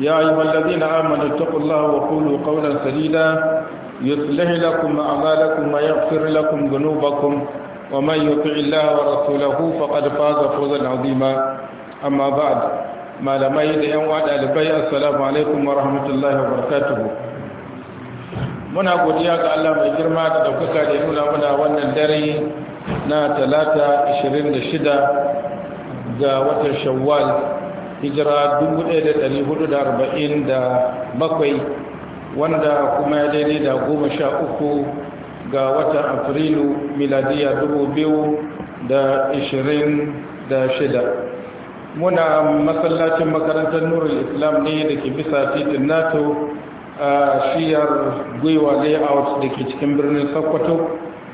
يا أيها الذين آمنوا اتقوا الله وقولوا قولا سديدا يصلح لكم أعمالكم ويغفر لكم ذنوبكم ومن يطع الله ورسوله فقد فاز فوزا عظيما أما بعد ما لم يدعي وعد ألفي السلام عليكم ورحمة الله وبركاته muna godiya ga Allah mai girma da daukaka da nuna mana wannan dare na talata 26 ga watan shawwal hijira 1447 wanda kuma ya daidai da goma sha uku ga watan afrilu miladiya 2026 muna masallacin makarantar nurul islam ne da ke bisa titin nato a shiyar gwiwa layout da ke cikin birnin sokoto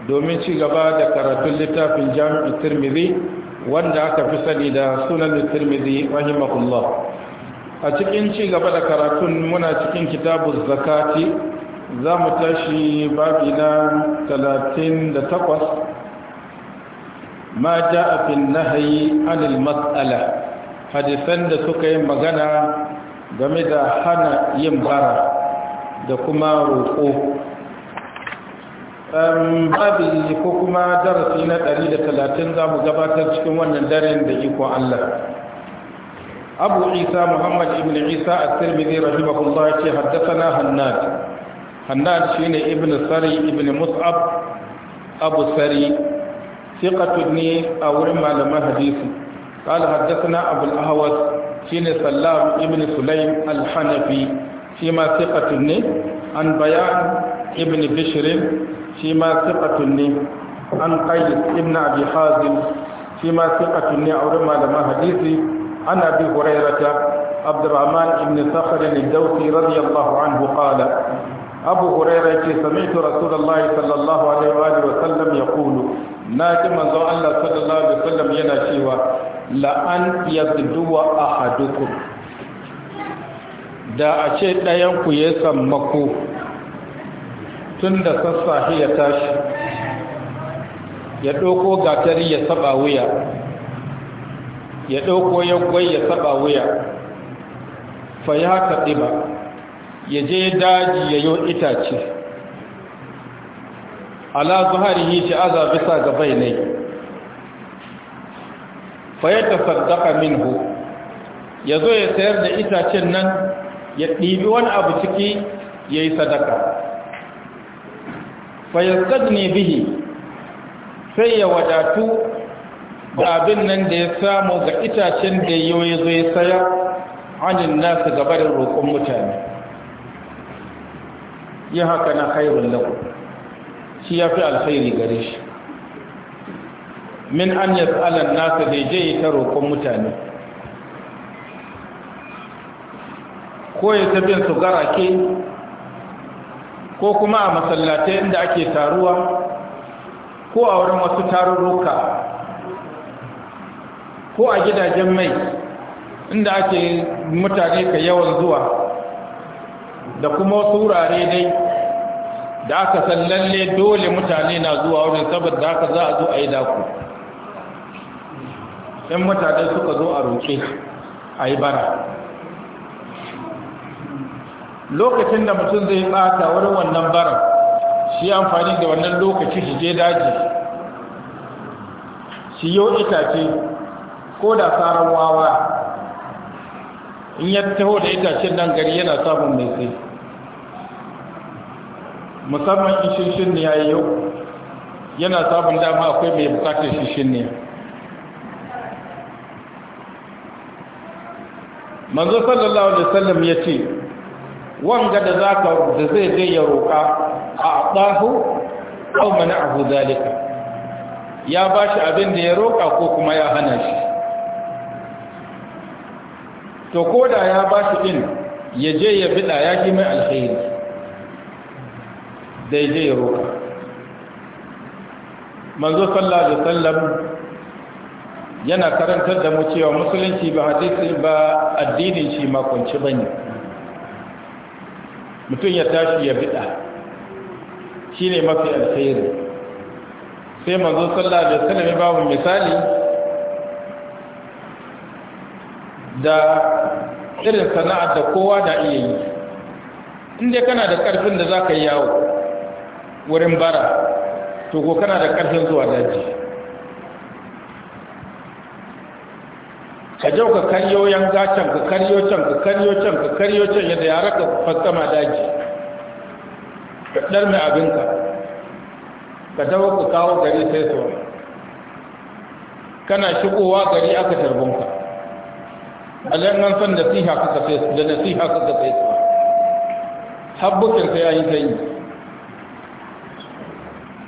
domin ci gaba da karatun littafin jami'in tirmidhi wanda aka fi sani da sunan tirmidhi rahimahullah a cikin ci gaba da karatun muna cikin kitabu zakati za mu tashi babi na takwas. ma ja'a fil nahayi anil matsala hadisan da suka yi magana game da hana yin bara da kuma roƙo babi ko kuma darasi na 130 za mu gabatar cikin wannan daren da iko Allah abu isa muhammad ibn isa at-tirmidhi rahimahullah ce haddasana hannad hannad shi ne ibn sari ibn mus'ab abu sari thiqatun ne a wurin malaman hadisi قال حدثنا أبو الأهوس شين سلام ابن سليم الحنفي فيما ثقة عن بيان ابن بشر shi ma sifatun ne an qayyid ibn abi hazim shi ma sifatun ne a wurin malaman hadisi an abi hurairata عبد الرحمن بن صخر الدوسي رضي الله عنه قال أبو هريرة سمعت رسول الله صلى الله عليه وآله وسلم يقول ناجم زو الله صلى الله عليه وسلم ينا شيوا لأن يبدو أحدكم da a ce ɗayanku ya sammako tun da sassafe ya tashi ya ɗauko gatari ya saba wuya ya ɗauko yaggwai ya saba wuya fa ya kaɗi ba ya je daji ya yi itace ala yi shi aza bisa ga bainai fa ya min minhu ya zo ya sayar da itacen nan ya ɗibi wani abu ciki ya yi sadaka ne bihi sai ya wadatu da abin nan da ya samu ga itacen da ya zai saya hannun nasu gaba da roƙon mutane yi haka na khairun lahu shi ya fi alkhairi gare shi min an tsalan nasa da je ta roƙon mutane ko ya tafi su garake ko kuma a masallatai inda ake taruwa ko a wurin wasu tarurruka ko a gidajen mai inda ake mutane ka yawan zuwa da kuma wasu wurare dai da aka san lalle dole mutane na zuwa wurin saboda haka za a zo a yi daku in mutane suka zo a roƙe a yi bara lokacin da mutum zai bata wurin wannan baran shi amfani da wannan lokaci shi je daji shi yau itace ko da tsaron wawa in ya taho da itacen nan gari yana samun mai sai musamman in shinshin ne ya yi yau yana samun dama akwai mai bukatar shishin ne manzo sallallahu alaihi wasallam ya ce wanga da ka da zai je ya roƙa a aqahu mana abu zalika ya bashi abin da ya roƙa ko kuma ya hana shi to ko da ya bashi ɗin ya je ya biɗa ya ki mai alkhairi da ya je ya roƙa manzo sallallahu alaihi wasallam yana karantar da mu cewa musulunci ba hadisi ba addinin shi ba bane mutum ya tashi ya bida shi ne mafi alkhairi sai manzo sallallahu alaihi wasallam ya babu misali da irin sana'a da kowa da iya yi inda kana da karfin da za ka yi yawo wurin bara to ko kana da karfin zuwa daji ka jau ka karyo yanga can ka karyo can ka karyo can ka karyo can yadda ya raka fassama daji ka ɗar mai abinka ka dawo ka kawo gari sai sauran kana shigowa gari aka tarbunka bayan an san siha kuka sai su da nasiha kuka sai su habbukin sai yayi sai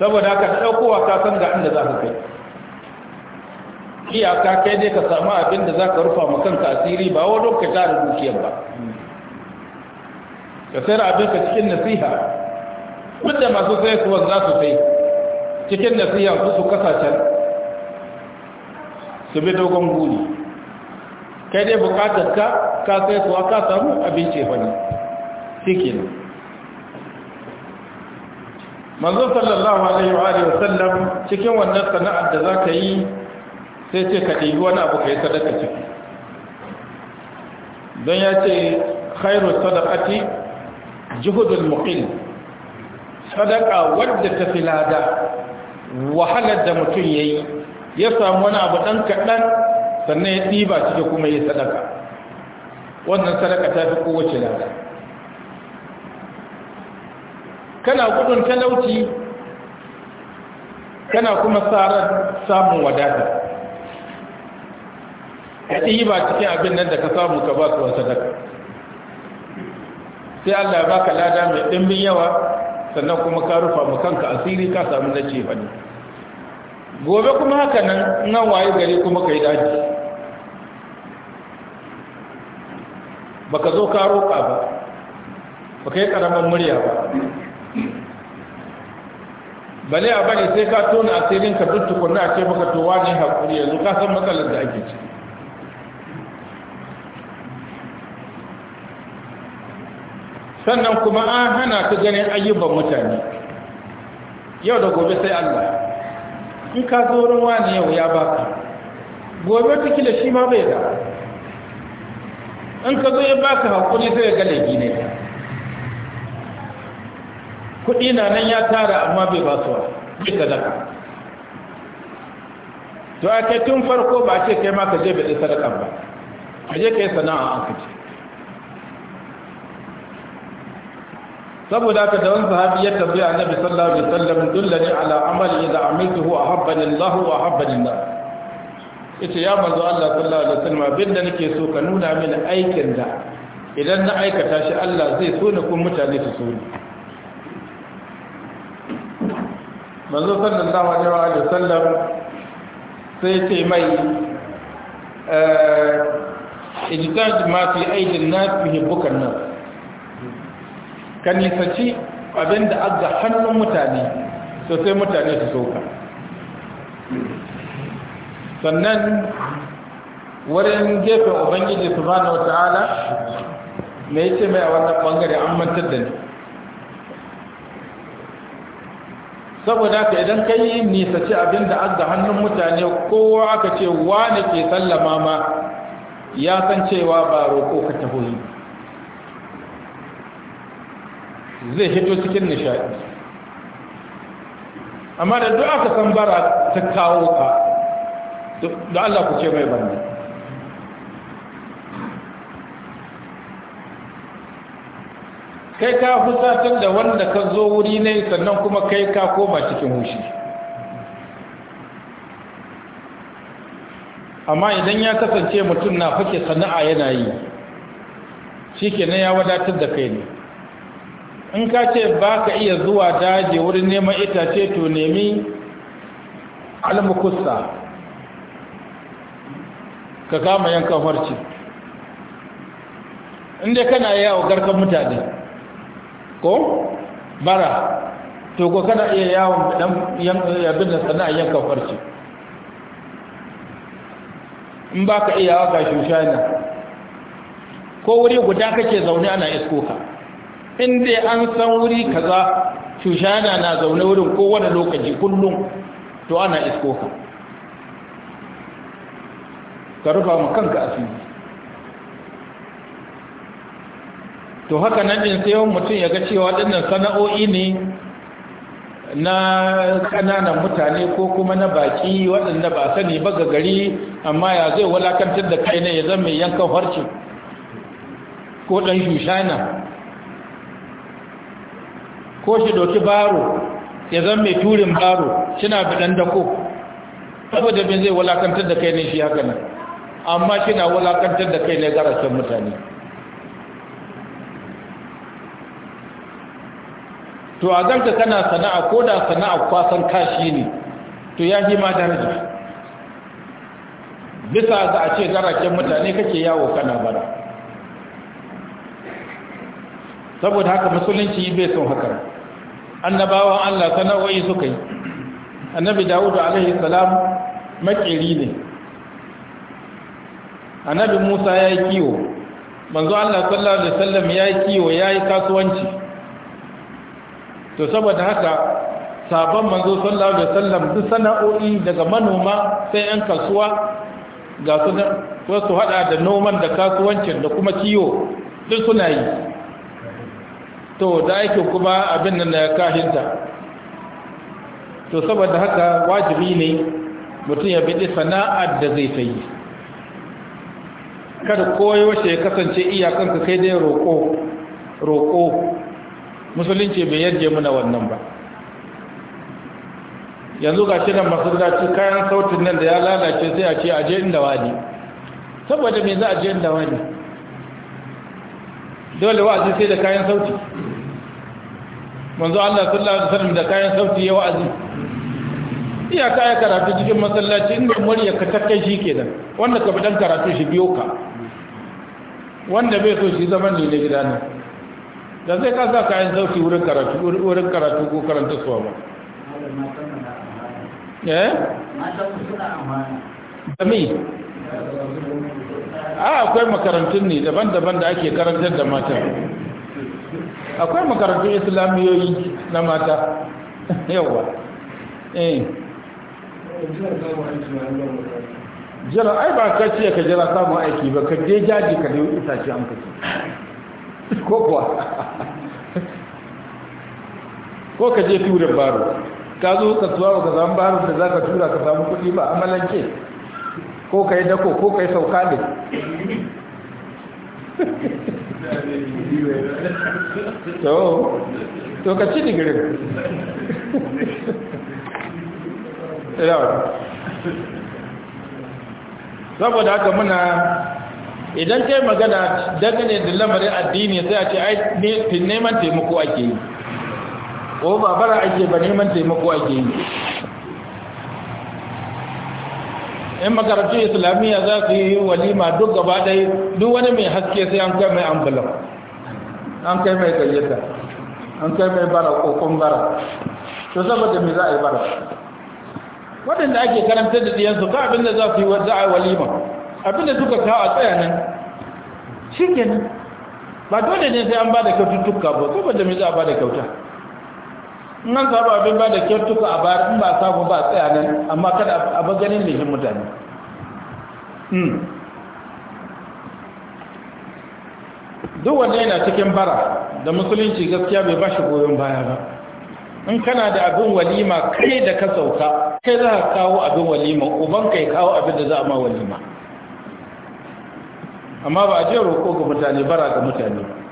saboda haka ɗaukowa ka san ga inda za ka kai iyaka kai dai ka samu abin da za ka rufa ma kanka asiri ba wani ka tara dukiyar ba ka sayar abin ka cikin nasiha duk da masu sai kuwa za su sai cikin nasiha su su kasashen. su bi dogon guri kai dai bukatar ka ka sai kuwa ka samu abin ce fani shi manzo sallallahu alaihi wa sallam cikin wannan sana'ar da za ka yi sai ce ka ɗibi wani abu ka yi sadaka ciki don ya ce khairu sadakati juhudul muqil sadaka wadda ta fi lada wahalar da mutum ya yi ya samu wani abu ɗan kaɗan sannan ya ɗiba ciki kuma ya sadaka wannan sadaka ta fi kowace lada kana gudun talauci kana kuma tsarar samun wadata ka ɗiba cikin abin nan da ka samu ka ba su daga sai Allah ya baka lada mai ɗimbin yawa sannan kuma ka rufa mu kanka asiri ka samu na ce bane gobe kuma haka nan nan waye gari kuma ka yi daji Ba ka zo ka roƙa ba ka yi ƙaramin murya ba bale a bane sai ka tona asirin duk tukunna a ce maka to ne haƙuri yanzu ka san matsalar da ake ciki sannan kuma an hana ta ganin ayyuban mutane yau da gobe sai Allah in ka zo wurin ne yau ya ka. gobe ta kila shi ma bai da in ka zo ya baka hakuri sai ga laifi ne kuɗi na nan ya tara amma bai ba su bai sadaka to a kai tun farko ba a ce kai ma ka je bai sadaka ba a je kai sana'a an kaci saboda haka da wani sahabi ya tambaya annabi sallallahu alaihi wasallam dullani ala amali idza amiltuhu ahabbani Allah wa ahabbani Allah yace ya manzo Allah sallallahu alaihi wasallam abinda nake so ka nuna mini aikin da idan na aikata shi Allah zai so ni kuma mutane su so ni manzo sallallahu alaihi wasallam sai ce mai eh ijtihad ma fi aidin nas fi bukan nas ka nisanci abin da aga hannun mutane sosai mutane su soka sannan wurin gefen ubangiji subhanahu wata'ala me yace mai a wannan bangare an mantar da ni saboda ka idan ka yi nisaci abin da aga hannun mutane kowa aka ce wane ke sallama ma ya san cewa ba roƙo ka tafi yi zai hito cikin nishaɗi. amma da duk aka san bara ta kawo ka da Allah ku ce mai banne. kai ka fusatun da wanda ka zo wuri ne sannan kuma kai ka koma cikin hushi amma idan ya kasance mutum na fake sana'a yana yi shi ya wadatar da kai ne in ka ce ba ka iya zuwa daji wurin neman itace to nemi almukusa ka kama yankan farci inda kana yawo garkan mutane ko bara to ko kana iya yawon dan yabin da sana'a yankan farci in ba ka iya waka shushana ko wuri guda kake zaune ana iskoka in dai an san wuri kaza shushana na zaune wurin kowane lokaci kullum to ana isko ka ka rufa mu kanka asiri to haka nan din sai mutum ya ga cewa dinnan sana'o'i ne na kananan mutane ko kuma na baki waɗanda ba sani ba ga gari amma ya zai walakantar da kai ne ya zama yankan harci ko ɗan shushana ko shi doki baro ya zan mai turin baro shina bidan dako saboda bin zai walakantar da kai ne shi haka nan amma na walakantar da kai ne garasan mutane to a zanta kana sana'a ko da sana'a kwasan kashi ne to ya ma daraja bisa za a ce garaken mutane kake yawo kana bara saboda haka musulunci bai son haka annabawan Allah sana'o'i suka yi annabi dawudu alaihi salam makiri ne annabi musa ya yi kiwo manzo Allah sallallahu alaihi wasallam ya yi kiwo ya yi kasuwanci to saboda haka sabon manzo sallallahu alaihi wasallam duk sana'o'i daga manoma sai yan kasuwa ga su su hada da noman da kasuwancin da kuma kiwo duk suna yi to da aikin kuma abin nan ya kahinta to saboda haka wajibi ne mutum ya biɗi sana'ar da zai sayi. yi kada koyo shi ya kasance iyakanka kai dai roƙo roƙo musulunci bai yarje muna wannan ba yanzu ga shi nan masallaci kayan sautin nan da ya lalace sai a ce a je inda wani saboda me za a je inda wani dole wa'azi sai da kayan sauti manzo Allah sallallahu alaihi wasallam da kayan sauti ya wa'azi iya kaya karatu cikin masallaci inda murya ka takkai shi kenan wanda ka dan karatu shi biyo ka wanda bai so shi zaman ne na gida nan da zai kasa kayan sauti wurin karatu wurin karatu ko karanta suwa ba eh da mi a akwai makarantun ne daban-daban da ake karantar da mata akwai makarantun islamiyoyi na mata yawa eh jira ai ba ka ce ka jira samun aiki ba ka je jaji ka nemi itace an kace ko kuwa ko ka je turin baro ka zo ka tuwa ka zama baro da za ka tura ka samu kuɗi ba amalanke. ko ka yi dako ko ka yi sauka ne to ka ci digirin saboda haka muna idan kai magana dangane da lamarin addini sai a ce ai neman taimako ake yi ko ba bara ake ba neman taimako ake yi in makarantun islamiyya za su yi walima duk gaba ɗaya duk wani mai haske sai an kai mai ambulan an kai mai gayyata an kai mai bara kokon bara to saboda me za a yi bara waɗanda ake karantar da ɗiyansu ka abinda za su yi wadda a walima abinda suka kawo a tsaya nan shi ba dole ne sai an ba da kyaututtuka ba saboda me za a ba da kyauta nan samu abin ba da kyautuka a bayar in ba samu ba tsaya nan amma kada a baganin lihin mutane hmm. duk wanda yana cikin bara da musulunci gaskiya bai ba shi goyon baya ba in kana da abin walima kai da ka sauka kai za ka kawo abin walima uban kai kawo abin da za a ma walima amma ba a je roƙo ga mutane bara ga mutane ba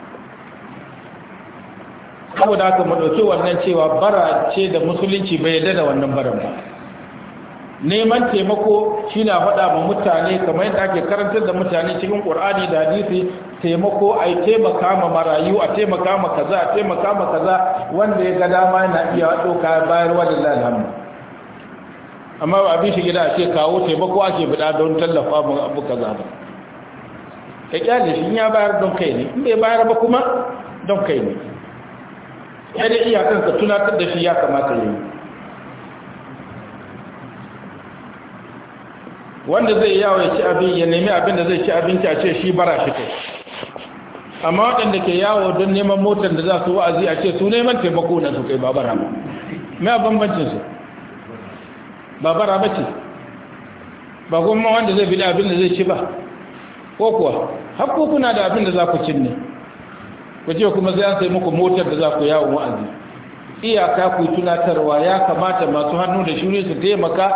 saboda haka mu ɗauki wannan cewa bara ce da musulunci bai yarda da wannan baran ba neman taimako shi na faɗa ma mutane kamar yadda ake karantar da mutane cikin ƙur'ani da hadisi taimako a taimaka ma marayu a taimaka ma kaza a taimaka ma kaza wanda ya ga dama na iya ɗauka bayarwa da lalama amma ba abin shi gida ce kawo taimako ake buɗa don tallafa mu abu kaza ba ka kyale shi in ya bayar don kai ne in bai bayar ba kuma don kai ne ya da ka tunatar da shi ya kamata yi wanda zai yawo ya ci abin ya nemi abin da zai ci abinci a ce shi bara shi kai amma waɗanda ke yawo don neman motar da za su wa'azi a ce su neman taimako na su kai babara ba mai bambancin su babara ba ce ba kuma wanda zai bi da abin da zai ci ba ko kuwa hakkokuna da abin da za ku cin ne ku ce kuma zai an sai muku motar da za ku yawon wa'azi iyaka ku tunatarwa ya kamata masu hannu da shuri su taimaka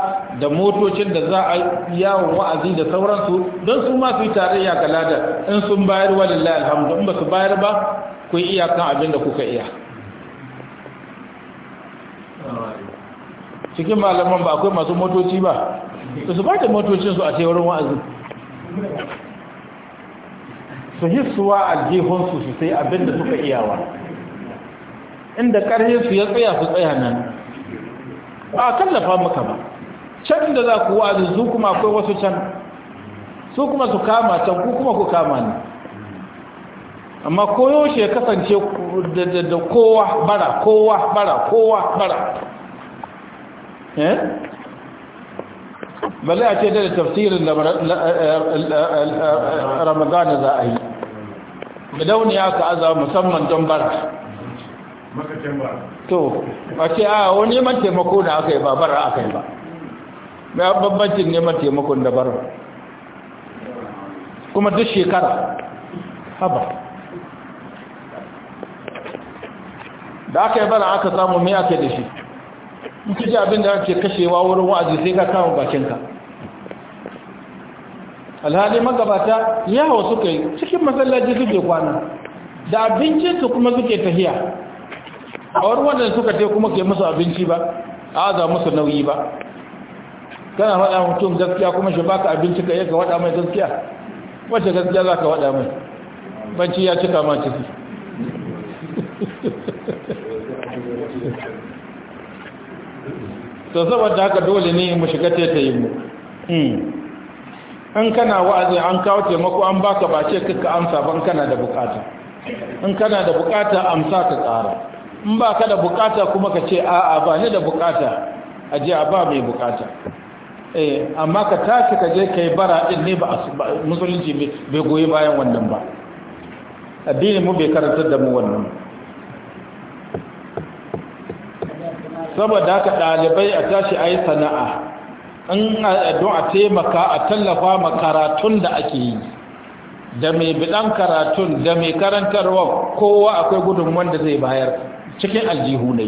da motocin da za a yawon wa'azi da sauransu don su ma su yi tarayya ga ladar in sun bayar walillahi alhamdu in ba su bayar ba ku yi iyakan abin da kuka iya cikin malaman ba akwai masu motoci ba su ba da motocinsu a ce wa'azi su hissuwa aljihunsu su sai abin suka iyawa inda ƙarhe su ya tsaya su tsaya nan ba a tallafa maka ba can da za ku wa'azi su kuma akwai wasu can su kuma su kama can ku kuma ku kama ne amma koyaushe ya kasance da kowa bara kowa bara kowa bara eh? balle a ce da tafsirin eh, eh, eh, ramadana za a yi gidauniya ka aza musamman don bara to a ce a wani neman taimako da aka yi ba bara aka yi ba mai bambancin neman taimakon da bara kuma duk shekara haba da aka yi bara aka samu mai aka da shi in ci abin da ake kashewa wurin wa'azi sai ka kama bakinka alhali magabata yawo suka yi cikin masallaci suke kwana da abinci su kuma suke tahiya a wani wanda suka ce kuma ke musu abinci ba a za musu nauyi ba kana wada mutum gaskiya kuma shi baka abinci ka yi ka wada mai gaskiya wacce gaskiya za ka wada mai banci ya cika ma ciki to saboda haka dole ne mu shiga tetayin mu hmm. in kana wa'azi an kawo taimako an baka ba ce kaka amsa ban kana da bukata in kana da bukata amsa ka tsara in ba ka da bukata kuma ka ce a'a ba ni da bukata a je a ba mai bukata eh amma ka tashi ka je kai bara din ne ba musulunci bai goyi bayan wannan ba addini mu bai karantar da mu wannan saboda haka ɗalibai a tashi a yi sana'a in don a taimaka a tallafa ma karatun da ake yi da mai bidan karatun da mai karantarwa kowa akwai gudun wanda zai bayar cikin aljihu ne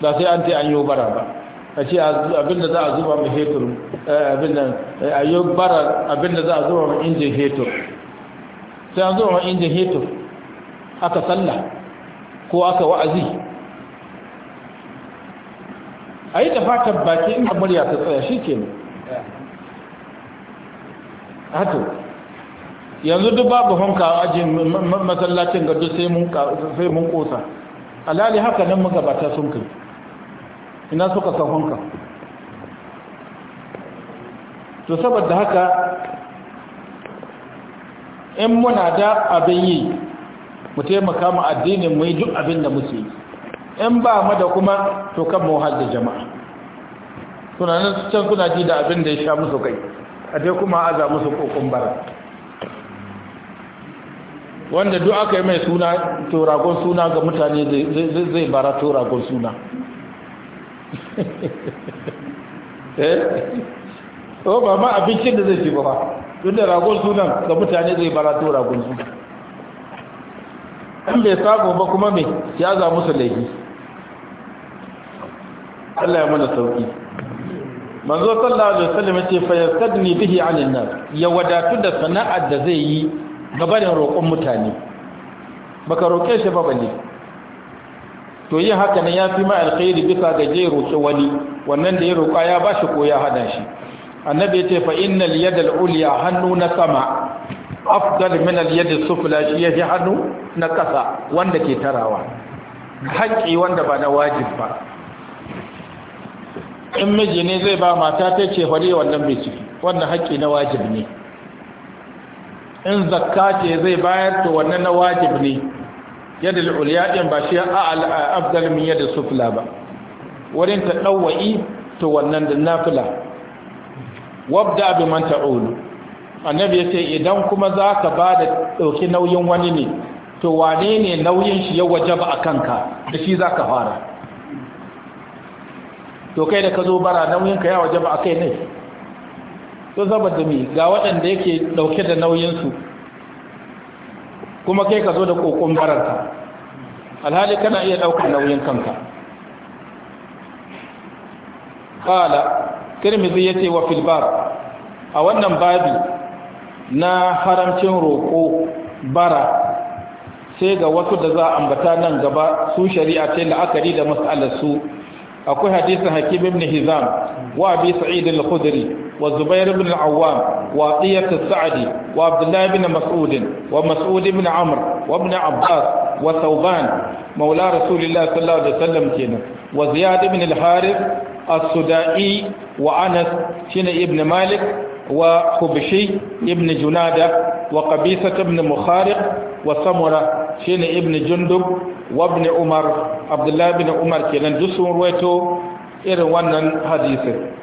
ba sai an ce an yi bara ba a ce abinda za a zuba mai hetur eh, eh, a yi bara abinda za a zuba mai injin hetur sai an zuba mai injin hetur aka sallah ko aka wa'azi a yi tafata baki inda murya ta tsaya shi ke hatu yanzu duk babu hanka a ajin masallacin gado sai mun kosa alali haka nan magabata sun kai ina suka san hanka to saboda haka in muna da abin yi mu taimaka mu addinin mai duk abin da muke yi in ba mu da kuma to kan mu da jama'a Kuna nan can kuna ji da abin da ya sha musu kai a dai kuma aza musu kokon bara wanda duk aka yi mai suna turagon suna ga mutane zai bara turagon suna eh o oh, ba ma abincin da zai ci ba tun da ragon sunan ga mutane zai bara to ragon suna an bai sabo ba kuma mai ya za musu laifi Allah ya mana sauki manzo sallallahu alaihi wasallam yace fa yastadni bihi 'anil nas ya wadatu da sana'ar da zai yi gabanin roƙon mutane baka roƙe shi ba bane to yin haka ne ya fi ma alkhairi bisa ga je roƙe wani wannan da ya roƙa ya bashi ko ya hada shi annabi yace fa innal yadal ulya hannu na sama afdal min al yadi sufla shi yafi hannu na kasa wanda ke tarawa haƙƙi wanda ba na wajib ba in miji ne zai ba mata ta ce fari wannan bai ciki wannan haƙƙi na wajib ne in zakka ce zai bayar to wannan na wajib ne yadda al'uliya ɗin ba shi a abdal min yadda sufla ba wurin ta ɗauwa'i to wannan da nafila wabda abin man ta'ulu annabi ya ce idan kuma za ka ba da ɗauki nauyin wani ne to wane ne nauyin shi ya waje ba a kanka da shi za ka fara to kai da ka zo bara nauyin ka ya waje ba kai ne to saboda mi ga waɗanda yake ɗauke da nauyinsu kuma kai ka zo da ƙoƙon bararka alhali kana iya ɗaukar nauyin kanka ƙala tirmidhi ya ce wa filbar a wannan babi na haramcin roƙo bara sai ga wasu da za a ambata nan gaba su shari'a ce la'akari da matsalar su akwai hadisan hakim ibn hizam wa abi sa'id al-khudri wa zubair ibn al-awwam wa qiyat as-sa'di wa abdullah ibn mas'ud wa mas'ud ibn amr wa ibn abbas wa thawban maula rasulillah sallallahu alaihi wasallam kenan wa ziyad ibn al-harith as-sudai wa anas shine ibn malik wa khubshi ibn junada wa qabisa ibn mukhariq wa samura shine ibn jundub wa ibn umar abdullahi ibn umar kenan duk sun ruwaito irin wannan hadisin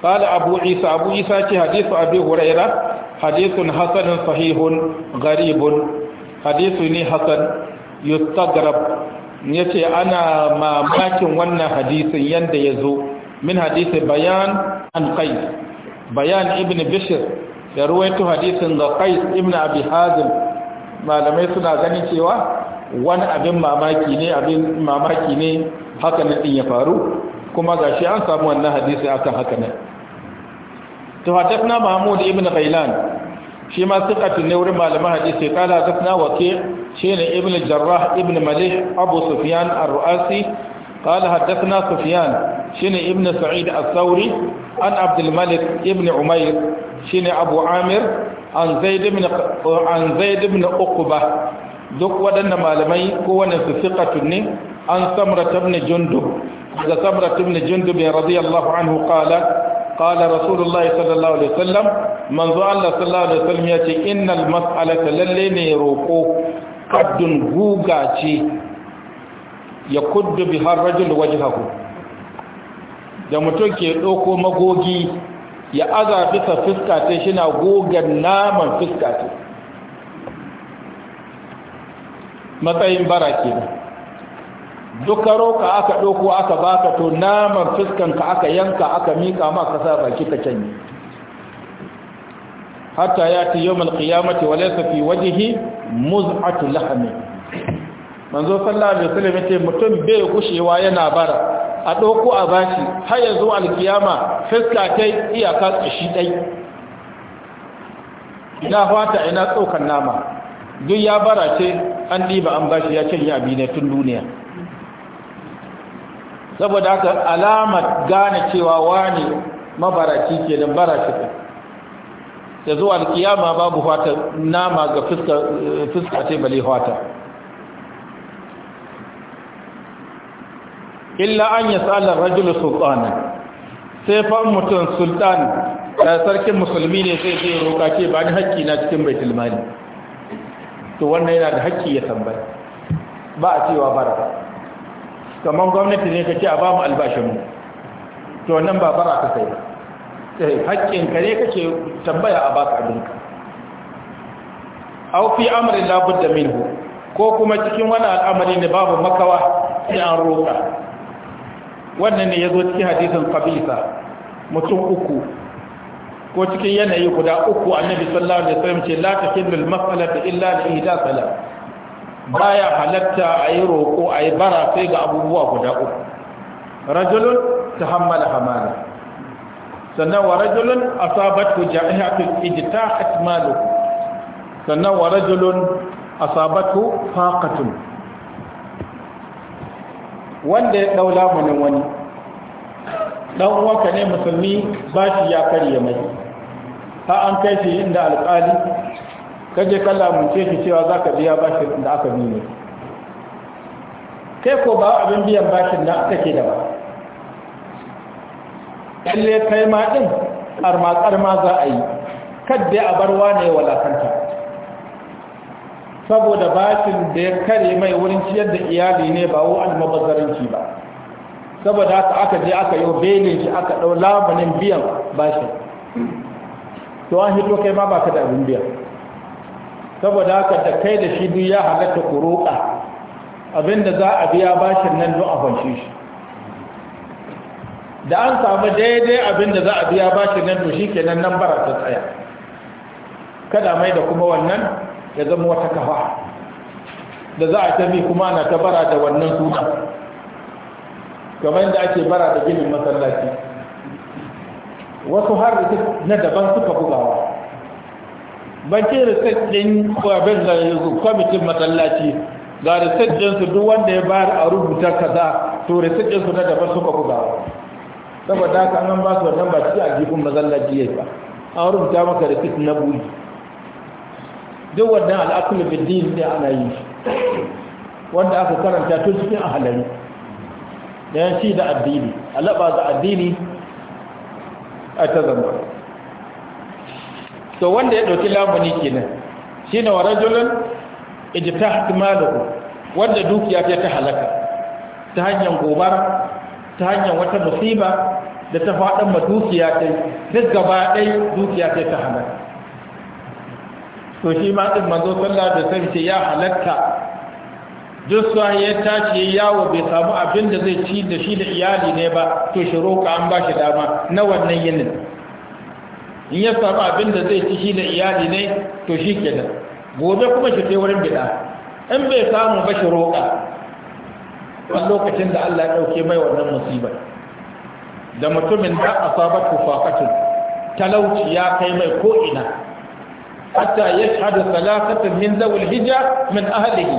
قال أبو عيسى أبو عيسى حديث أبي هريرة حديث حسن صحيح غريب حديث حسن يستغرب yace ana mamakin wannan hadisin yadda ya zo min hadisi bayan an kai bayan ibn bishir da ruwaito hadisin da qais ibn abi hazim malamai suna ganin cewa wani abin mamaki ne abin mamaki ne haka nan din ya faru kuma gashi an samu wannan hadisi akan haka nan to hadathna mahmud ibn ghailan shi ma thiqatu ne wurin malaman hadisi kala hadathna waqi' shine ibn jarrah ibn malih abu sufyan ar-ru'asi قال حدثنا سفيان shine ibn sa'id al-thawri an abdul malik ibn umayr shine abu amir an zaid ibn an zaid ibn uqba duk waɗanda malamai kowane su fiqatun ne an samra ibn jundub daga samra ibn jundub radiyallahu anhu qala قال رسول الله صلى الله عليه وسلم من ذا الله صلى الله عليه وسلم يأتي إن المسألة للي روقو ya غوغاتي يكد بها الرجل da mutum ke ɗauko magogi ya aza bisa fuska ta shi na gogan naman fuska ta matsayin bara ke karo ka aka ɗauko aka baka to naman fuskan ka aka yanka aka miƙa ma kasa baki ka canyi hatta ya ce yau wale wa laisafi wajihi muz'atu lahami manzo sallallahu alaihi wasallam yace mutum bai kushewa yana bara a dauko a bashi har yanzu alkiyama fiska kai iyaka kashi dai ina fata ina tsokan nama duk ya bara ce an diba an bashi ya cinye abi ne tun duniya saboda haka alamar gane cewa wani mabaraci ke da baraci ya zuwa alkiyama babu fata nama ga fuska ce bale fata illa an tsallar rajul sultani sai fa mutum da eh, sarkin musulmi ne sai zai roƙa ce ba ni haƙƙi na cikin baitul mali to wannan yana da haƙƙi ya tambaya ba a cewa bara kamar gwamnati ne ce a ba mu albashin mu to wannan ba bara ka sai sai eh, haƙƙin ka ne kace tambaya a baka abinka aw fi amrin la budda minhu ko kuma cikin wani al'amari ne babu makawa sai an roƙa wannan ne ya zo cikin hadisin kabisa mutum uku ko cikin yanayi guda uku annabi sallallahu alaihi wasallam ce la tahillu al-mas'alatu illa li ihda salat baya halatta ayi roko ayi bara sai ga abubuwa guda uku rajulun tahammala hamala sannan wa rajulun asabatu ja'ihatu ijtahat maluhu sannan wa rajulun asabatu faqatun wanda ya ɗau lamunin wani ɗan uwanka ne musulmi ba shi ya karye mai ha an kai shi inda alƙali kaje ka lamunce shi cewa za ka biya bashin da aka bi kai ko ba abin biyan bashin da aka ke da ba kalle kai ma ɗin ƙarma-ƙarma za a yi kadda a bar wane walakanta saboda batin da ya kare mai wurin ciyar da iyali ne ba wa almabazzaranci ba saboda haka aka je aka yi belin shi aka ɗau labanin biyan bashi to an hito kai ma baka da abin biyan saboda haka da kai da shi duk ya halatta ku abinda za a biya bashin nan don a fanshe shi da an samu daidai abinda za a biya bashin nan to shi kenan nan bara ta tsaya kada mai da kuma wannan ya zama wata kafa da za a tabi kuma na ta bara da wannan tuta kamar da ake bara da ginin masallaci wasu har da na daban suka bugawa banki risit ɗin kwabin da kwamitin masallaci ga risit ɗinsu duk wanda ya bayar a rubuta kaza to risit ɗinsu na daban suka bugawa saboda haka an ba su wannan ba ci a jifin masallaci ya ba an rubuta maka risit na buri duk wannan al'akulu biddin ne ana yi wanda aka karanta tun cikin ahalari da yanci da addini alaba da addini a ta zama to wanda ya ɗauki lamuni kenan shi ne wa rajulun ijita malahu wanda dukiya ta ta halaka ta hanyar gobara ta hanyar wata musiba da ta faɗin ma dukiya ta duk gaba ɗai dukiya ta ta halaka to shi ma din manzo sallallahu alaihi wasallam ce ya halatta duk sa ya tashi yawo bai samu abin da zai ci da shi da iyali ne ba to shi roka an ba shi dama na wannan yinin in ya samu abin da zai ci shi da iyali ne to shi kenan gobe kuma shi kai wurin bid'a in bai samu ba shi roƙa. wani lokacin da Allah ya dauke mai wannan musibar da mutumin da asabatu faqatun talauci ya kai mai ko ina hatta yashhadu thalathatan min zawil hijja min ahlihi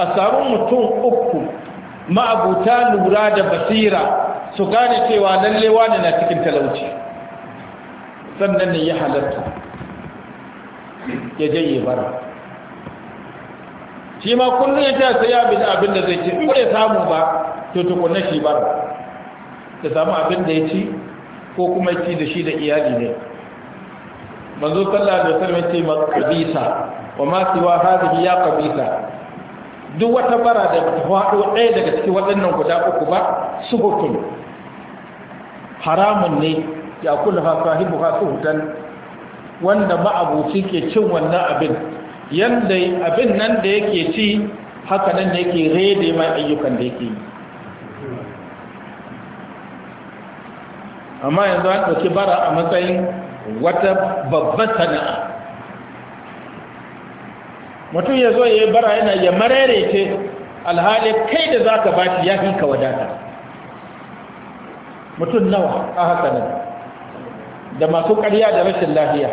a samu mutum uku ma'abuta lura da basira su gane cewa lalle wani na cikin talauci sannan ne ya halarta, ya je bara shi ma kullum ya ta sai abin abin da zai ci in bai samu ba to tukunna shi bara ta samu abin da ya ci ko kuma ci da shi da iyali ne manzo sallallahu alaihi wasallam yace ma qabisa wa ma siwa hadhihi ya qabisa duk wata bara da faɗo ɗaya daga cikin waɗannan guda uku ba suhutun haramun ne ya kula ha sahibu ha suhutan wanda ma'abuci ke cin wannan abin yanda abin nan da yake ci haka nan da yake rede mai ayyukan da yake yi amma yanzu an ɗauki bara a matsayin wata babban sana'a mutum ya zo ya yi bara yana ya mararece alhali kai da za ka ba shi ya ka wadata mutum nawa a hasanin da masu ƙarya da rashin lafiya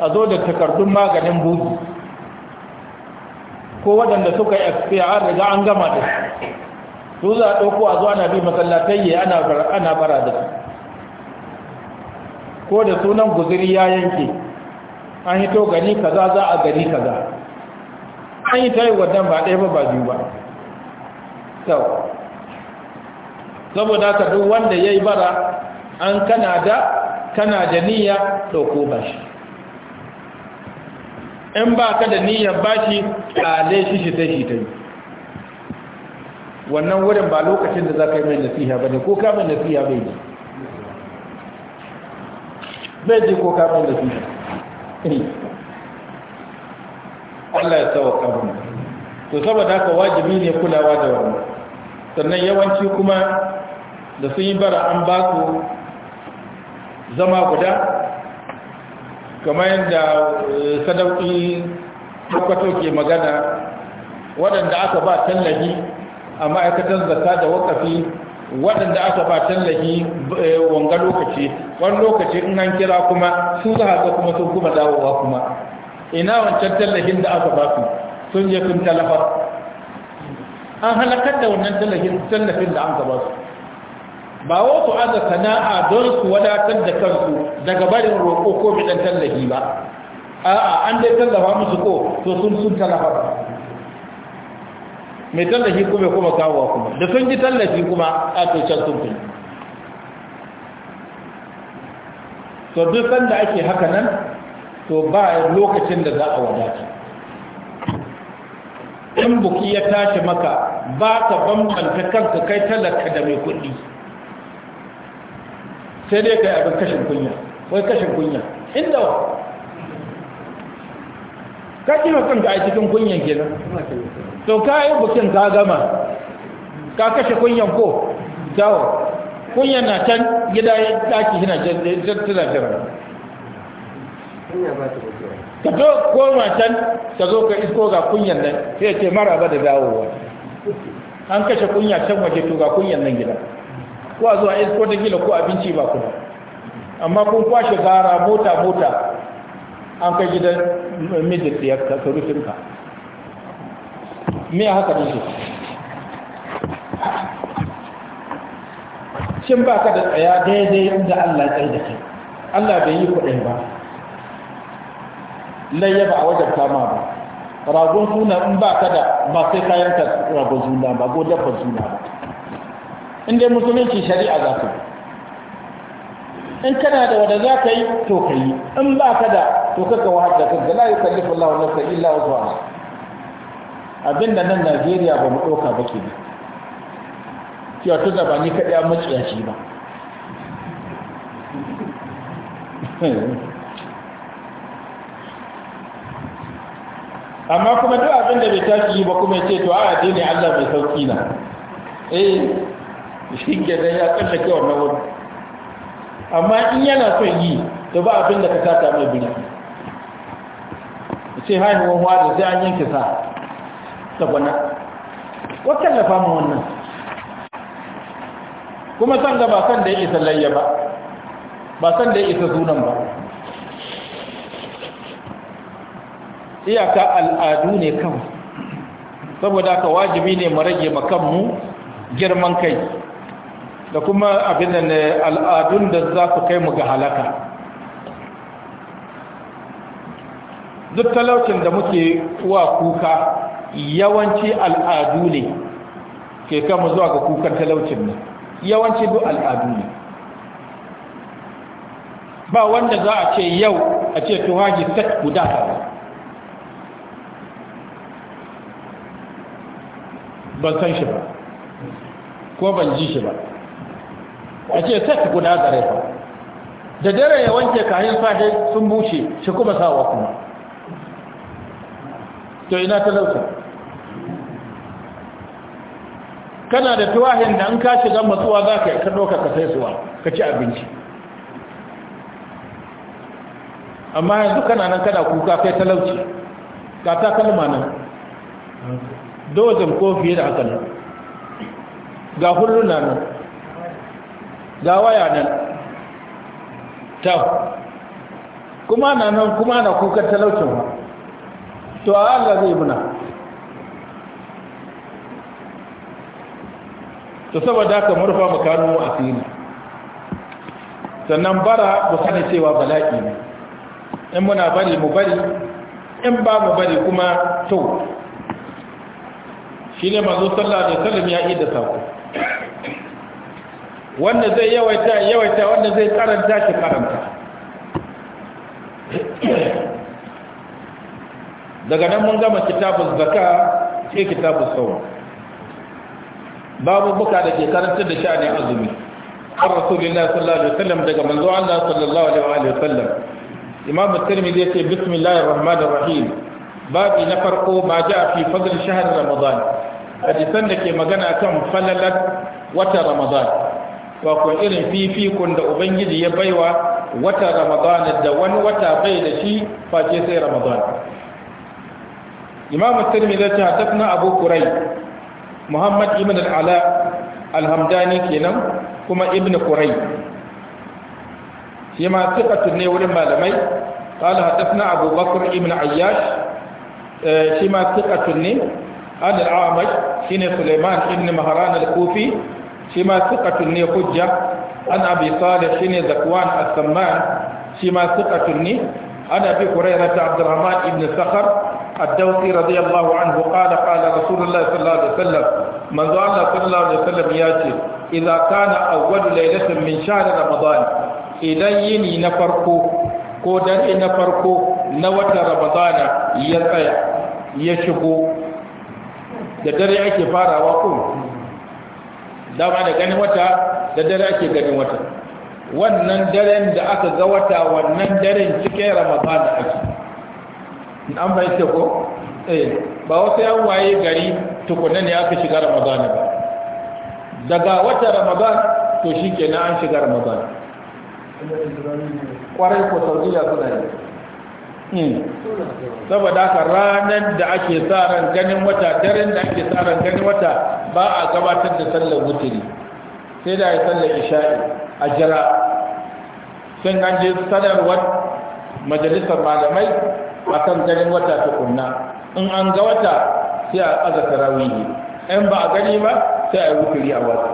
a zo da takardun maganin bugu ko waɗanda suka yi expire riga an gama da su za a ɗauko a zo na bi masallatai ana bara da su ko da sunan guziri ya yanke an hito gari kaza za a gari kaza an yi ta yi wadan ba ɗaya ba ba biyu ba sau saboda ka duk wanda ya yi bara an kana da kana da niyya ɗauko ba shi in ba ka da niyya ba shi ƙale shi shi ta shi ta yi wannan wurin ba lokacin da za ka yi mai nasiha ba ne ko ka mai nasiha bai ne zai je ko kafa da shi Allah ya tsawo kabin to saboda haka wajibi ne kulawa da wannan sannan yawanci kuma da sun yi bara an ba su zama guda kamar yadda eh, sadauki tabbato ke magana waɗanda aka ba tallafi a ma'aikatar zaka da wakafi waɗanda aka ba tallafi eh, wanga lokaci wani lokaci in an kira kuma su za a kuma sun kuma dawowa kuma ina wancan tallafin da aka ba su sun je sun talafa an halakar da wannan tallafin da an ba su ba wasu aza sana'a don su wadatar da kansu daga barin roƙo ko bidan tallafi ba a'a an dai tallafa musu ko to sun sun talafa mai tallafi kuma kuma kawowa kuma da sun ji tallafi kuma a can sun fi to duk sanda ake haka nan to ba lokacin da za a wadata in buki ya tashi maka ba ka bambanta kanka kai talaka da mai kuɗi sai dai kai abin kashin kunya wai kashin kunya inda ka kima kanka a cikin kunyan kenan to ka yi bukin ka gama ka kashe kunyan ko dawo kunyan na can gida ya daki hina jirtuna jira ka zo koma can ka zo ka isko ga kunyan nan sai ce ba da dawowa an kashe kunya can waje to ga kunyan nan gida ko a zuwa isko ta gila ko abinci ba kuma amma kun kwashe gara mota mota an kai gidan mijin ka surufinka me haka ne shin ba ka da tsaya daidai inda Allah ya da kai Allah bai yi kuɗin ba layya ba a wajen kama ba ragon suna in ba ka da ba sai kayan ka ragon suna ba ko dabbar suna ba in dai musulunci shari'a za ka in kana da wadda za ka yi to ka yi in ba ka da to kaka wahar da kanka la kallifin lawan nasa illa wusaha abinda nan najeriya ba mu ɗauka ba ke cewa tun da ba ni kaɗaya maciyaci ba amma kuma duk abin da bai tashi yi ba kuma ya ce to a ne allah mai sauki na eh shi gidan ya kashe kyau na wani amma in yana son yi to ba abin da ka sata mai birki ce haihuwan wani sai an yanke sa sagwana wa da mu wannan kuma san da ba san da ya isa layya ba ba san da ya isa sunan ba iyaka al'adu ne kan saboda ka wajibi ne mu rage makanmu girman kai da kuma abin da eh, al'adun da za su kai mu ga halaka duk talaucin da muke wa kuka yawanci al'adu ne ke kama zuwa ga kukan talaucin nan yawanci duk al'adu ne ba wanda za a ce yau a ce tuhaji set guda ba ban san shi ba ko ban ji shi ba a ce set guda gare ba da dare ya wanke kayan sahi sun bushe shi kuma sawa kuma to ina talauta kana da tuwahin da an ka shiga matsuwa za ka ɗauka ka sai suwa ka ci abinci amma yanzu kana nan kana kuka kai talauci ka ta kalma nan dozin ko fiye da haka ga hulluna nan ga waya nan ta kuma na nan kuma na kukan talaucin to a Allah zai muna to saboda haka murfa mu kano asiri sannan bara ku sani cewa bala'i ne in muna bari mu bari in ba mu bari kuma to shi ne mazo sallallahu alaihi wasallam ya yi da sako wanda zai yawaita yawaita wanda zai karanta shi karanta daga nan mun gama kitabun zaka sai kitabun sawa Babu buka da ke karantar da sha'anin azumi an rasulullah sallallahu alaihi wasallam daga manzo Allah sallallahu alaihi wasallam imam at-tirmidhi yace bismillahir rahmanir rahim babi na farko ma ja fi fadl shahr ramadan hadisan da ke magana kan falalat wata ramadan wato irin fifikon da ubangiji ya baiwa wata ramadan da wani wata bai da shi face sai ramadan imam at-tirmidhi ya ce hadathna abu kurai muhammad ibn al’ala alhamdani kenan kuma ibn kurai shi suka ne wurin malamai qala hadathna abu bakr ibn ayyash eh, shi suka ne an al’amai shi ne suleiman ibn maharan al-kufi shi suka ne hujja an abi salih shi ne zakwan suka ne an abi kurai rata abdulrahman ibn sakhar الدوسي رضي الله عنه قال قال رسول الله صلى الله عليه وسلم من قال صلى الله عليه وسلم ياتي إذا كان أول ليلة من شهر رمضان إليني نفركو كودن نفركو نوة رمضان يطيع يشكو da dare ake farawa ko dama da ganin wata da dare ake ganin wata wannan daren da aka ga wata wannan daren cikin ramadana ake an fahimta ko eh ba wasu yan waye gari tukunna ne aka shiga ramadana ba daga wata ramadan to shi ke na an shiga ramadan kwarai ko saudiya suna yi hmm. saboda haka ranar da ake tsaron ganin wata daren da ake tsaron ganin wata ba a gabatar da sallar wuturi sai da ya sallar isha'i a jira sun an je sanarwar majalisar malamai akan ganin wata tukunna in an ga wata sai a aza tarawihi in ba a gani ba sai a yi wuturi a wata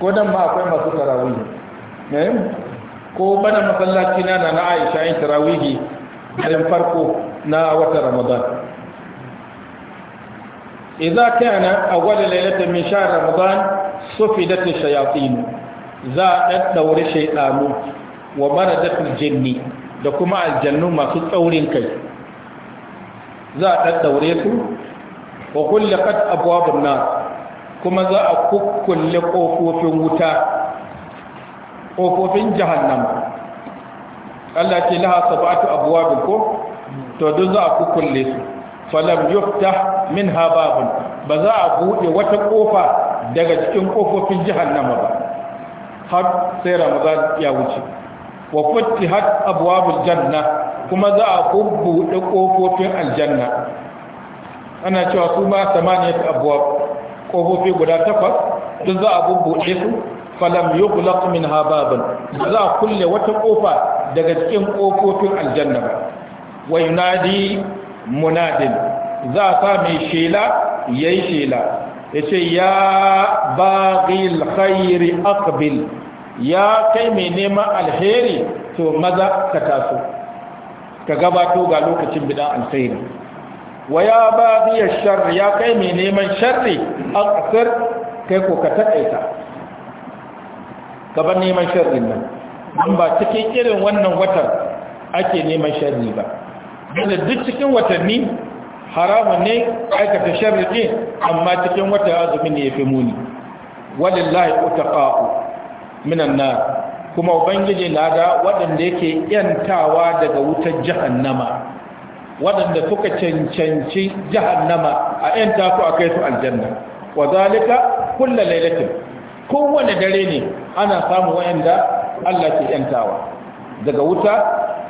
ko dan ba akwai masu tarawihi eh? ko bana masallaci na na Aisha yin tarawihi garin farko na wata Ramadan idza kana awwal laylatin min shahr Ramadan sufidat ash-shayatin za a daddaure shaytanu wa maradatul jinni da kuma aljannu masu tsaurin kai za a ɗaɗɗaure su wa kulle kat abuwa na kuma za a kukkulle ƙofofin wuta ƙofofin jahannama Allah ce laha sab'atu abwabin ko to duk za a kukkulle su falam yuftah min babun ba za a buɗe wata ƙofa daga cikin ƙofofin jahannama ba har sai Ramadan ya wuce wa futtihat abwabul janna kuma za a bubbuɗe kofofin aljanna ana cewa su ma samaniyat abwab ƙofofi guda takwas duk za a bubbuɗe su falam yughlaq minha baban za a kulle wata ƙofa daga cikin ƙofofin aljanna ba wa yunadi munadin za a sa mai shela yayi shela yace ya baghil khairi aqbil ya kai mai neman alheri to maza ka taso ka gabato ga lokacin bidan alheri wa ya ba biya shar ya kai mai neman sharri an kasar kai ko ka taƙaita gaban neman sharrin nan don ba cikin irin wannan watan ake neman sharri ba dole duk cikin watanni haramun ne aikata sharri ne amma cikin watan azumi ne ya fi muni walillahi utaqa'u minan na kuma ubangiji na ga waɗanda yake yantawa daga wutar jahannama waɗanda suka cancanci jahannama a yanta su a kai su aljanna wa zalika kullu lailatin kowane dare ne ana samu wayanda Allah ke yantawa daga wuta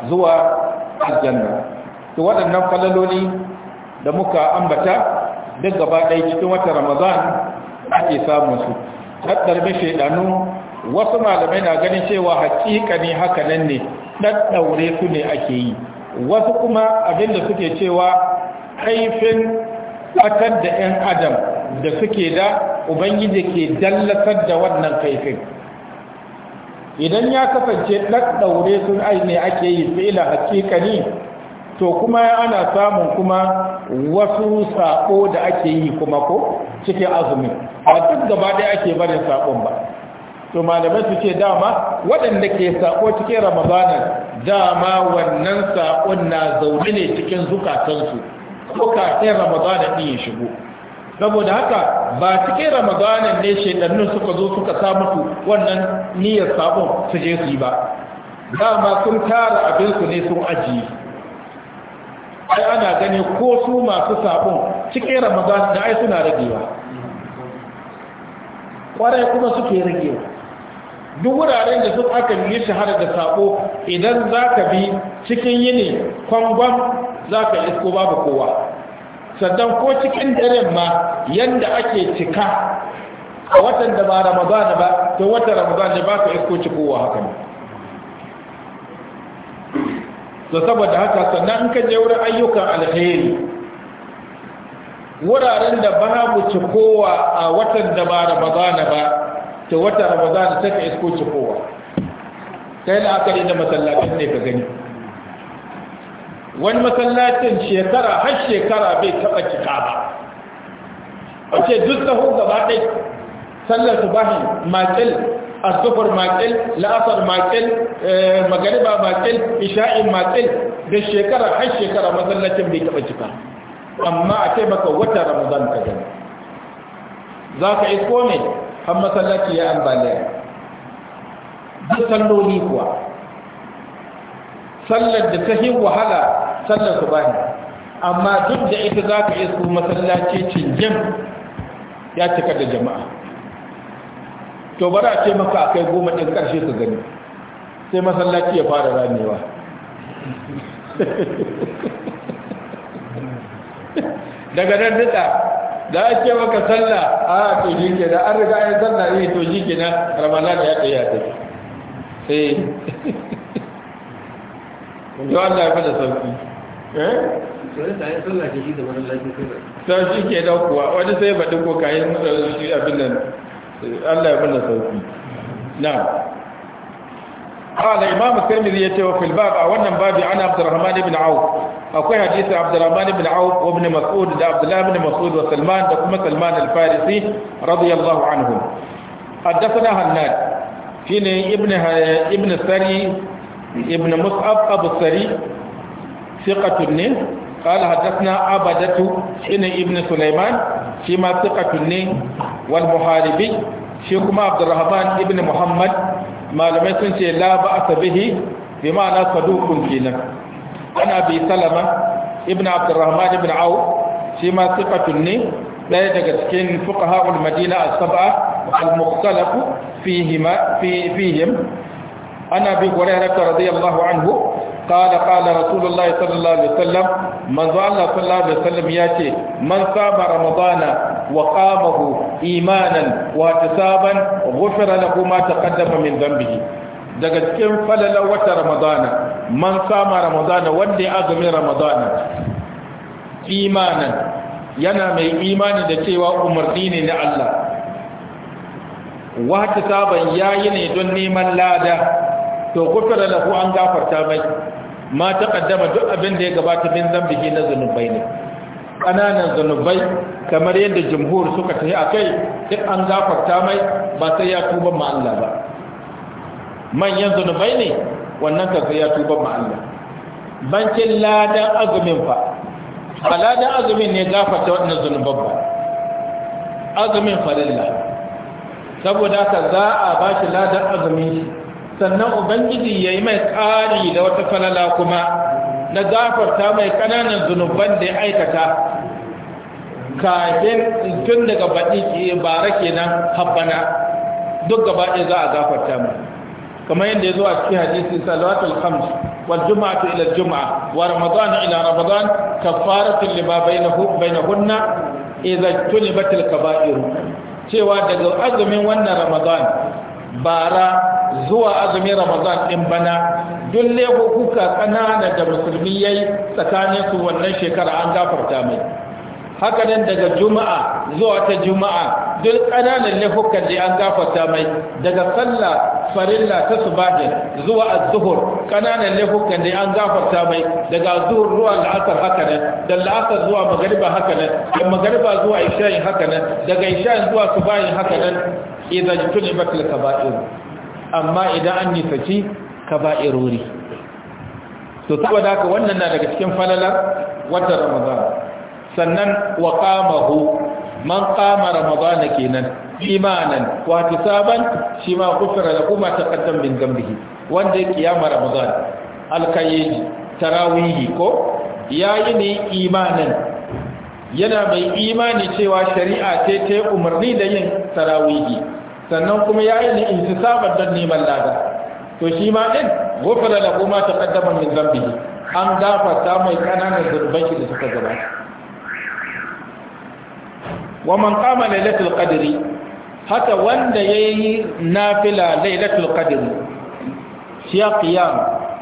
zuwa aljanna to waɗannan falaloli da muka ambata duk gaba ɗaya cikin watan Ramadan ake samu su haddar bi shaidanu. wasu malamai na ganin cewa hakikani ne haka ne ɗaɗɗaure su ne ake yi wasu kuma abinda suke cewa haifin ɓatar da 'yan adam da suke da ubangiji ke dallatar da wannan kaifin idan ya kasance ɗaɗɗaure sun ne ake yi fi'ila hakika ne to kuma ana samun kuma wasu saƙo da ake yi kuma ko cikin azumi A duk gaba ɗaya ake barin saƙon ba to malamai su ce dama waɗanda ke saƙo cikin ramadana dama wannan saƙon na zaune ne cikin zukatansu zukatan ramadana ɗin ya shigo saboda haka ba cikin ramadana ne shaidannin suka zo suka sa musu wannan niyyar sabon su je su yi ba dama sun tara abinsu ne sun ajiye ai ana gani ko su masu sabon cikin ramadana da ai suna ragewa kwarai kuma suke ragewa duk wuraren da sun aka yi shahara da sabo idan za ka bi cikin yini kwangon za ka isko babu kowa sannan ko cikin daren ma yadda ake cika a watan da ba ramadan ba to watan ramadan ne ba ka isko cikowa haka ne to saboda haka sannan in ka je wurin ayyukan alheri wuraren da ba ci cikowa a watan da ba ramadan ba ta wata ramadan sai ka isko ci kowa kai na aka yi da masallacin ne ka gani wani masallacin shekara har shekara bai taɓa cika ba a ce duk sahu gaba ɗai sallar subahi makil asufar makil la'asar makil eh, magariba makil isha'in makil da shekara har shekara masallacin bai taɓa cika amma a taimaka wata ramadan ka gani za ka isko ne har masallaci ya ambaliya duk salloli kuwa sallar da ta hin wahala sallar su bani amma duk da ita za ka isu masallaci cinjin ya cika da jama'a to bari a ce maka a kai goma ɗin ƙarshe su gani sai masallaci ya fara ramewa daga nan duka da ake maka sallah a to shi ke da an riga yin sallah ne eh, to shi ke na ramadan ya tsaye ya tafi sai yawan Allah ya fada sauki eh sau shi ke da kuwa wani sai ba baɗin ko shi eh, abin nan Allah ya fada sauki na قال إمام الترمذي يتوى في الباب أولا باب عن عبد الرحمن بن عوف أقول حديث عبد الرحمن بن عوف وابن مسعود دا عبد الله بن مسعود وسلمان دكما سلمان الفارسي رضي الله عنهم حدثنا هناد فيني ابن ابن السري ابن مصعب أبو السري ثقة قال حدثنا عبدة إن ابن سليمان فيما ثقة والمحاربي فيكما عبد الرحمن ابن محمد malamai sun ce la ba a bihi bi ma'ana sadukun kenan ana bi salama ibn abdurrahman ibn au shi ma sifatun ne ɗaya daga cikin fuqaha ul madina as-sab'a al-mukhtalafu fihim عن أبي هريرة رضي الله عنه قال قال رسول الله صلى الله عليه وسلم من ظل صلى الله عليه وسلم ياتي من صام رمضان وقامه إيمانا واحتسابا غفر له ما تقدم من ذنبه daga cikin falalar wata ramadana man sama ramadana wanda ya azumin ramadana imanan yana mai imani da cewa umarni ne na Allah wata saban yayi ne don neman lada to kufira lahu an gafarta mai ma ta kaddama duk abin da ya gabata min zambihi na zunubai ne ƙananan zunubai kamar yadda jumhur suka tafi a kai duk an gafarta mai ba sai ya tuba ma ba manyan zunubai ne wannan ka sai ya tuba ma Allah bankin ladan azumin fa a ladan azumin ne gafarta wannan zunuban ba azumin farilla saboda haka za a ba shi ladan azumin shi sannan ubangiji ya yi mai ƙari da wata falala kuma na gafarta mai ƙananan zunuban da ya aikata kafin tun daga baɗi bara kenan habbana duk gaba ɗaya za a gafarta mai kamar yadda ya zo a cikin hadisi salatul khams wal juma'atu ila juma'a wa ramadan ila ramadan kafaratun lima bainahunna idza tunibatil kaba'ir cewa daga azumin wannan ramadan bara zuwa azumin ramadan ɗin bana duk laifuka ƙanana da musulmi ya yi tsakanin su wannan shekara an gafarta mai haka nan daga juma'a zuwa ta juma'a duk ƙananan laifukan da an gafarta mai daga sallah farilla ta subahin zuwa azuhur ƙananan laifukan da an gafarta mai daga azuhur zuwa la'asar haka nan da la'asar zuwa magariba haka nan da magariba zuwa ishayin haka nan daga ishayin zuwa subahin haka nan idan tulibat al-kaba'ir amma idan an nisaci kaba'irori to saboda haka wannan na daga cikin falalar wata ramadan sannan wa qamahu man qama ramadan kenan imanan wa tisaban shi ma kufira da kuma taqaddam min wanda ya kiyama ramadan alkayyi tarawihi ko yayi ne imanan yana mai imani cewa shari'a ce ta yi umarni da yin tarawihi sannan kuma ya yi ni intisabar don neman lada to shi ma ɗin gofala da kuma ta kaddama min zambihi an gafarta mai ƙananan zurban shi da suka gabata wa man kama lailatul qadri haka wanda yayi nafila lailatul qadri shi qiyam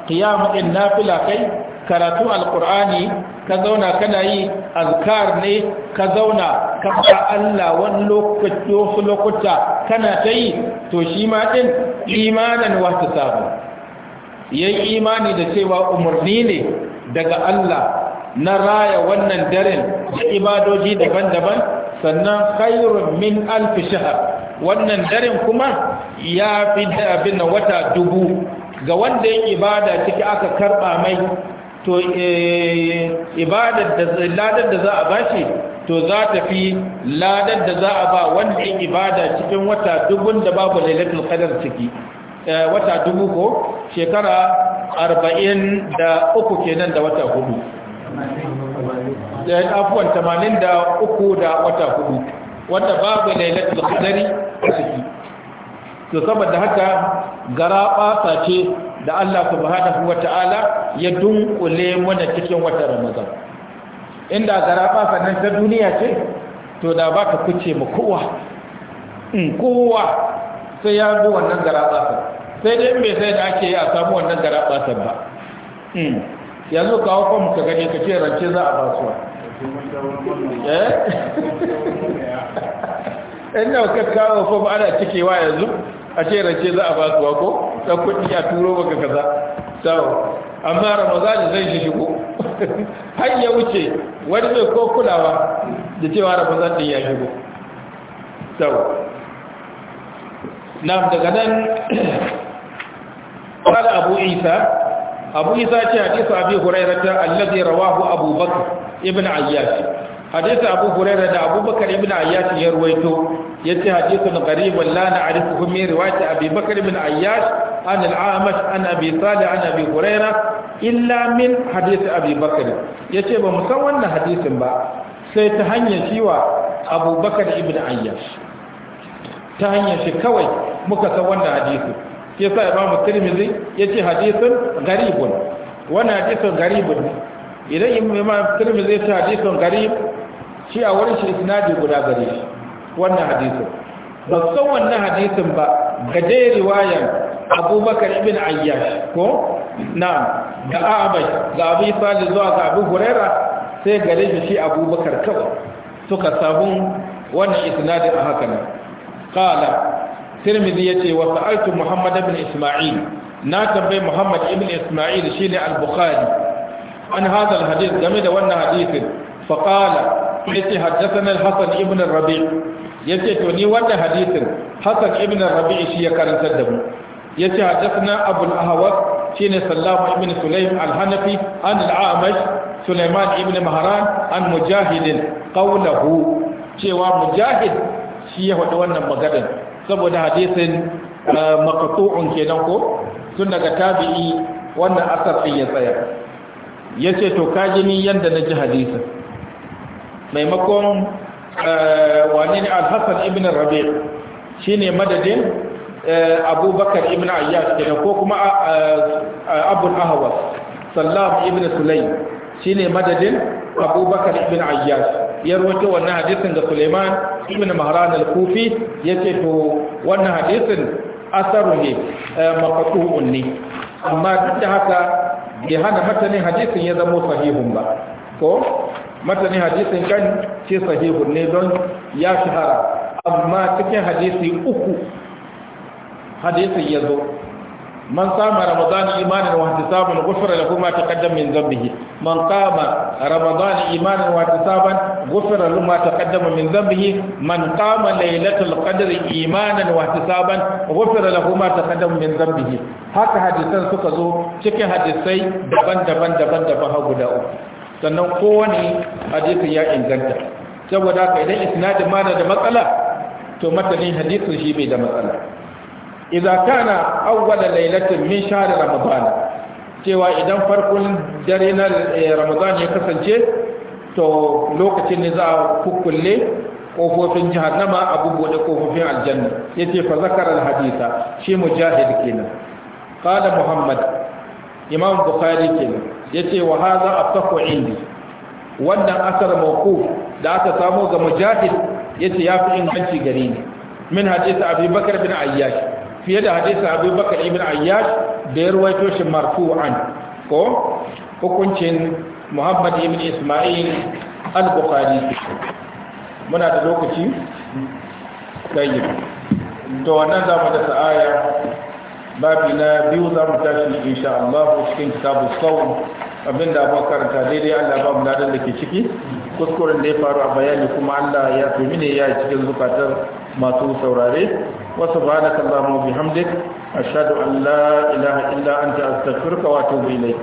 qiyam din nafila kai karatu Alƙur'ani. ka zauna kana yi azkar ne ka zauna ka ba Allah wani lokaci wasu lokuta kana ta yi to shi ma din imanan wata sabu yayi imani da cewa umarni ne daga Allah na raya wannan daren da ibadoji daban-daban sannan khairun min alf shahr wannan daren kuma ya fi da abin wata dubu ga wanda ya ibada ciki aka karba mai to e, ibadar da ladar da za a ba shi, to za ta fi ladar da za a ba wanda yin ibada cikin wata dubun da babu lailatul qadar ciki e, wata dubu ko shekara 43 kenan da wata hudu e, da uku 83 da wata hudu wanda babu lailatul qadari ciki to saboda haka gara ce da Allah subhanahu wata'ala ya dunkule mana cikin wata Ramadan inda gara ɓasa nan ta duniya ce to da baka kuce mu kowa in mm, kowa sai ya zo wannan gara sai dai me sai da ake yi a samu wannan gara ɓasa ba mm, yanzu kawo kwan ka gani ka ce rance za a basuwa eh ina ka ko ba ana cikewa yanzu a ce rance za a ba su wako ta kuɗi a turo maka kaza sau amma ramazani zai shi shigo har ya wuce wani mai ko kulawa da cewa ramazan din ya shigo sau na daga nan قال Isa, عيسى Isa عيسى حديث أبي هريرة الذي رواه أبو بكر ابن عياش hadisi abu hurairah da abubakar ibn ayyash ya ruwaito yace hadithun qaribun la na'rifuhu min riwayati abi bakr ibn ayyash an al-amash an abi salih an abi illa min hadisi abi bakr yace ba mu san wannan hadisin ba sai ta hanyar ciwa abubakar ibn ayyash ta hanyar shi kawai muka san wannan hadisin sai sa imamu tirmidhi yace hadithun hadisin idan ya ce hadisin shi a wurin shi je guda gare shi wannan hadisin ba san wannan hadisin ba ga dai abubakar ibn ayyash ko na'am da abai ga abi sali zuwa ga abu sai gare shi shi abubakar kawai suka samu wannan isnadin a haka nan qala tirmidhi yace wa sa'altu muhammad ibn isma'il na tambayi muhammad ibn isma'il shine al-bukhari an hadha al-hadith game da wannan hadisin fa qala yace haddathana al-hasan ibn rabi' yace to ni wannan hadisin hasan ibn rabi' shi ya karantar da mu yace haddathana abu al-ahwas shine sallama ibn sulaym al-hanafi an al-amash sulaiman ibn mahran an mujahid qawluhu cewa mujahid shi ya faɗi wannan magana saboda hadisin eh, maqtu'un kenan ko tun daga tabi'i wannan asar ya tsaya yace to kaji ni yanda naji hadisin maimakon eh, wani ne alhassan ibn rabi shi ne madadin eh, abubakar ibn ayyash kenan ko kuma eh, abun ahawas sallam ibn sulai shi ne madadin abubakar ibn ayyash ya roƙi wannan hadisin ga suleiman ibn maharan al-kufi ya ce to wannan hadisin asaru ne makasuhun ne amma duk da haka bai hana matanin hadisin ya zama sahihun ba ko matani hadisin kan ce sahihu ne don ya shahara amma cikin hadisi uku hadisin ya zo man sama ramadan imanin wa ihtisaban ghufira lahu ma taqaddama min dhanbihi man kama ramadan imanin wa ihtisaban ghufira lahu ma taqaddama min dhanbihi man kama laylatul qadri imanin wa ihtisaban ghufira lahu ma taqaddama min dhanbihi haka hadisan suka zo cikin hadisai daban-daban daban-daban guda uku sannan kowane hadisi ya inganta saboda haka idan isnadin ma na da matsala to matanin hadisin shi bai da matsala idza kana awwal lailatin min shahr ramadan cewa idan farkon dare na eh, ramadan ya kasance to lokacin ne za a kukkulle kofofin jahannama a bubuɗe kofofin aljanna yace fa zakara alhadisa shi mujahid kenan qala muhammad imam bukhari kenan yace wa hadha asahu indi wannan asar mawquf da aka samu ga mujahid yace fi inganci gari ne. min hadith abi bakr bin ayyash fiye da hadith abi bakr ibn ayyash da ya ruwaito shi marfu'an ko hukuncin muhammad ibn isma'il al-bukhari muna da lokaci tayyib to wannan zamu da sa'aya babi na biyu za mu tashi insha Allah cikin kitabu sau da ba karanta daidai Allah ba mu da ke ciki kuskuren da ya faru a bayani kuma Allah ya tumi ne ya cikin zukatar masu saurare wa subhanaka allahumma bihamdik ashhadu an la ilaha illa anta astaghfiruka wa atubu ilayk